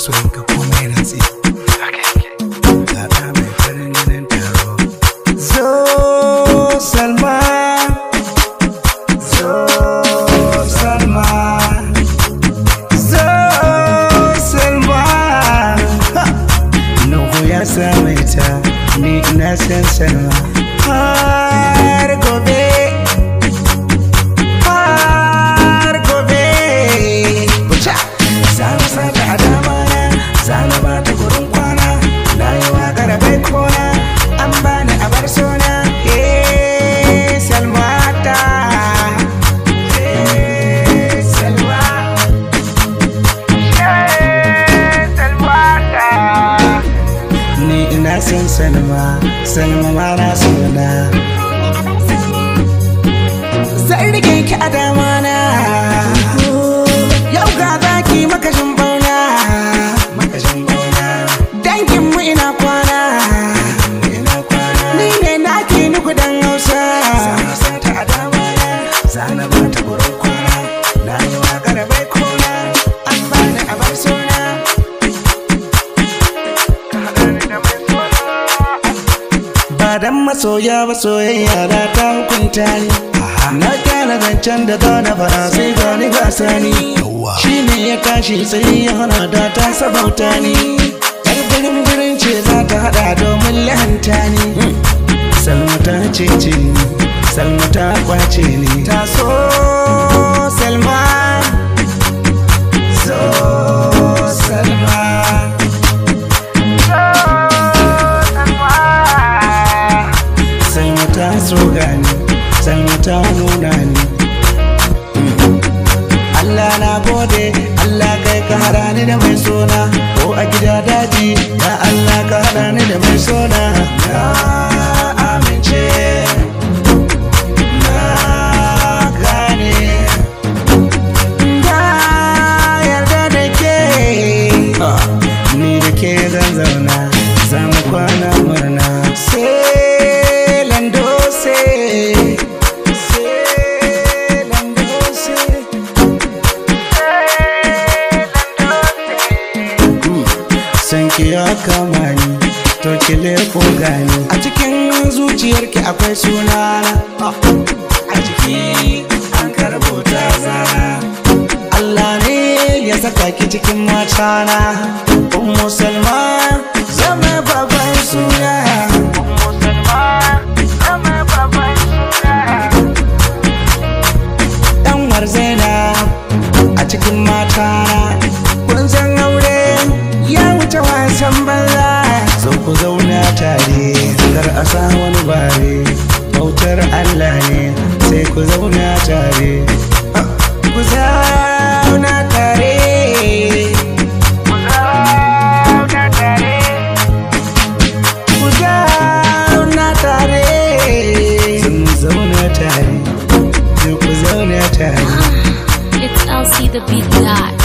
Swing, come wait and see. ta ni ina san sanwa har gobe har gobe bucha za mu saka zana ba ta gurin kwana na yi waƙar bai kona an bani a bar suna salma ma na sona rike ki a dama na mai an bani a ba dan masoya ba soyayya da ta hukunta ni na kyara zancen da za na fara sai gani ba sani shi ne ya tashi sai ya hana da ta sabauta ni yar birin birin ce za ta hada domin lahanta ni hmm. salmata ce ce ta kwace ni ta so ta soga ni mm. salma ta nuna ni Allah na gode Allah kai ka hada ni da mai suna ko a gida daji ya Allah ka hada ni da mai sona kamani to kile ko gani a cikin zuciyarki akwai sunana a ciki an karbo ta Allah ne ya saka ki cikin matana ummu kar a sa wani bare bautar Allah ne sai ku zauna tare ku zauna tare It's Elsie the Beat Live.